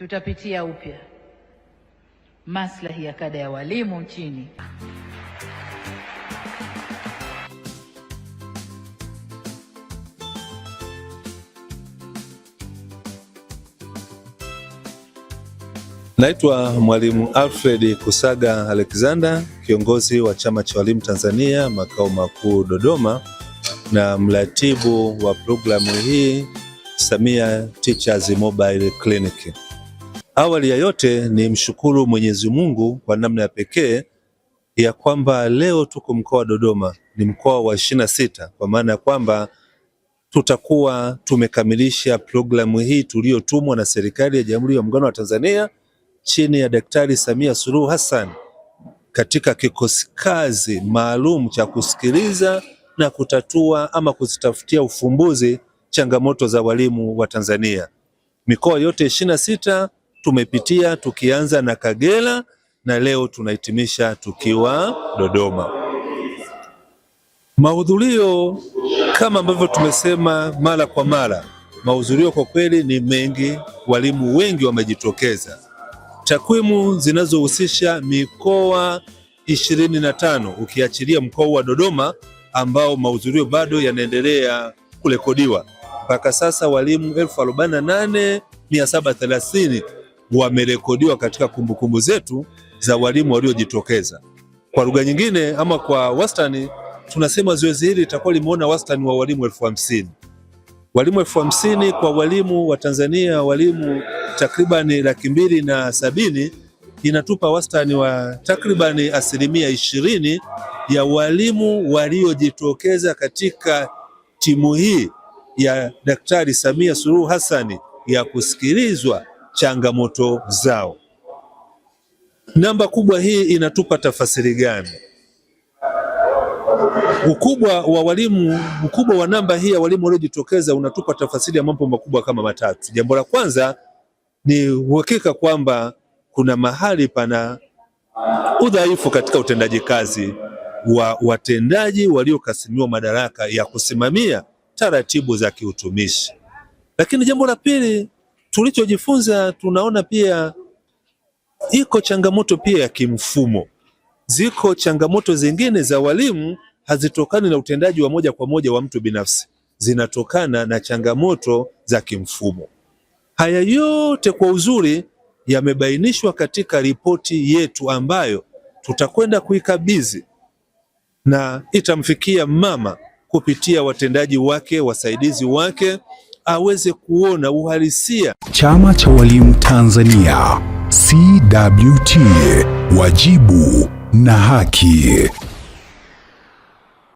tutapitia upya maslahi ya kada ya walimu nchini. Naitwa Mwalimu Alfred Kusaga Alexander, kiongozi wa Chama cha Walimu Tanzania makao makuu Dodoma na mratibu wa programu hii Samia Teachers Mobile Clinic. Awali ya yote ni mshukuru Mwenyezi Mungu kwa namna ya pekee ya kwamba leo tuko mkoa wa Dodoma, ni mkoa wa ishirini na sita, kwa maana ya kwamba tutakuwa tumekamilisha programu hii tuliyotumwa na serikali ya Jamhuri ya Muungano wa Tanzania chini ya Daktari Samia Suluhu Hassan katika kikosi kazi maalum cha kusikiliza na kutatua ama kuzitafutia ufumbuzi changamoto za walimu wa Tanzania. Mikoa yote ishirini na sita tumepitia tukianza na Kagera na leo tunahitimisha tukiwa Dodoma. Mahudhurio kama ambavyo tumesema mara kwa mara, mahudhurio kwa kweli ni mengi, walimu wengi wamejitokeza. Takwimu zinazohusisha mikoa ishirini na tano ukiachilia mkoa wa Dodoma ambao mahudhurio bado yanaendelea kurekodiwa mpaka sasa, walimu elfu arobaini na nane mia saba thelathini wamerekodiwa katika kumbukumbu kumbu zetu za walimu waliojitokeza. Kwa lugha nyingine ama kwa wastani, tunasema zoezi hili litakuwa limeona wastani wa walimu elfu hamsini walimu elfu hamsini kwa walimu wa Tanzania walimu takribani laki mbili na sabini inatupa wastani wa takribani asilimia ishirini ya walimu waliojitokeza katika timu hii ya Daktari Samia Suluhu hasani ya kusikilizwa changamoto zao. Namba kubwa hii inatupa tafasiri gani? Ukubwa wa walimu, ukubwa wa namba hii ya walimu waliojitokeza unatupa tafasiri ya mambo makubwa kama matatu. Jambo la kwanza ni uhakika kwamba kuna mahali pana udhaifu katika utendaji kazi wa watendaji waliokasimiwa madaraka ya kusimamia taratibu za kiutumishi. Lakini jambo la pili tulichojifunza tunaona pia iko changamoto pia ya kimfumo. Ziko changamoto zingine za walimu hazitokani na utendaji wa moja kwa moja wa mtu binafsi, zinatokana na changamoto za kimfumo. Haya yote kwa uzuri yamebainishwa katika ripoti yetu ambayo tutakwenda kuikabidhi na itamfikia mama kupitia watendaji wake, wasaidizi wake aweze kuona uhalisia. Chama cha Walimu Tanzania CWT, wajibu na haki.